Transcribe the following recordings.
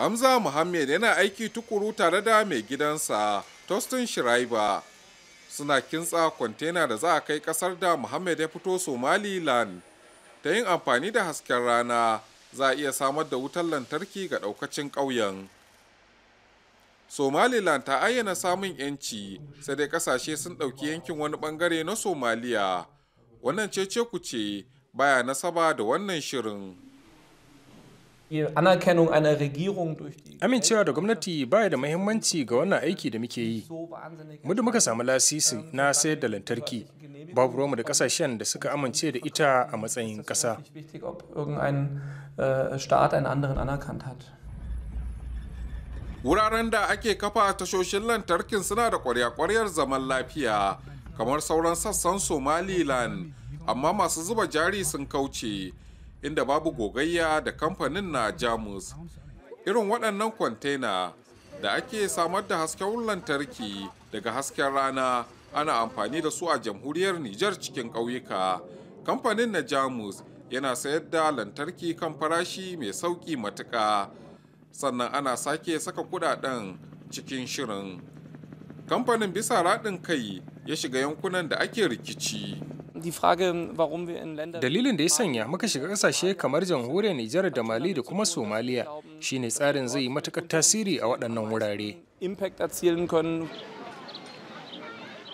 Hamza Muhammad yana aiki tukuru tare da mai gidansa Tostin Shiraiba suna kintsa kwantena da za a kai kasar da Muhammad ya fito Somaliland. Ta yin amfani da hasken rana za a iya samar da wutar lantarki ga daukacin ƙauyen. Somaliland ta ayyana samun 'yanci sai dai kasashe sun ɗauki yankin wani bangare na Somaliya. Wannan ce ce ku ce baya nasaba da wannan shirin. Amincewa da gwamnati baya da mahimmanci ga wannan aiki da muke yi. Mu da muka samu lasisi na sayar da lantarki, babu romu da kasashen da suka amince da ita a matsayin ƙasa. Äh, Wuraren da ake kafa tashoshin lantarkin suna da kwarya-kwaryar zaman lafiya, kamar sauran sassan Somaliland, amma masu zuba jari sun kauce. inda babu gogayya da kamfanin na Jamus. Irin waɗannan kwantena da ake samar da hasken lantarki daga hasken rana ana amfani da su a jamhuriyar Nijar cikin ƙauyuka. Kamfanin na Jamus yana sayar da lantarki kan farashi mai sauƙi matuƙa. Sannan ana sake saka kudaden cikin shirin. Kamfanin bisa raɗin kai ya shiga yankunan da ake rikici. Dalilin da ya sanya muka shiga ƙasashe kamar jamhuriyar Nijar da Mali da kuma Somaliya shine tsarin zai yi matuƙar tasiri a waɗannan wurare.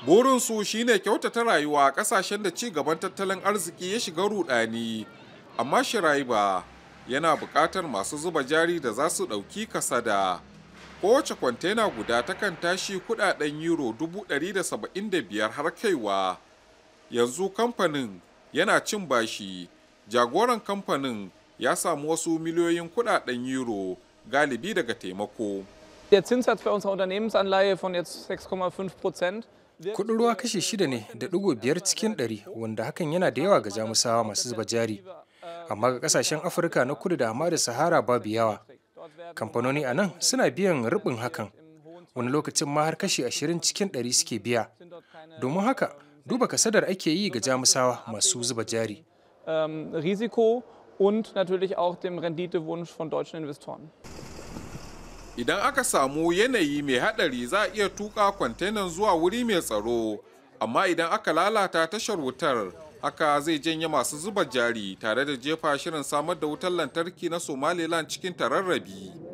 Burinsu shine kyautata rayuwa a ƙasashen da ci gaban tattalin arziki ya shiga rudani, amma Shiraiba yana buƙatar masu zuba jari da za su ɗauki kasada. Kowace kwantena guda takan tashi kuɗaɗen euro 175 har kaiwa. yanzu kamfanin yana cin bashi jagoran kamfanin ya samu wasu miliyoyin kudaden euro galibi daga taimako Kudin ruwa kashi shida ne da digo biyar cikin ɗari wanda hakan yana da yawa ga jamusawa masu zuba jari. Amma ga ƙasashen Afirka na kudu da da Sahara babu yawa. Kamfanoni a nan suna biyan rubin hakan. Wani lokacin ma har kashi ashirin cikin ɗari suke biya. Domin haka duba kasadar ake yi ga jamusawa masu zuba jari. Ähm, Risiko und natürlich auch dem Renditewunsch von deutschen Investoren. Idan aka samu yanayi mai haɗari za a iya tuka kwantenan zuwa wuri mai tsaro, amma idan aka lalata tashar wutar haka zai janye masu zuba jari tare da jefa shirin samar da wutar lantarki na Somaliland cikin tararrabi.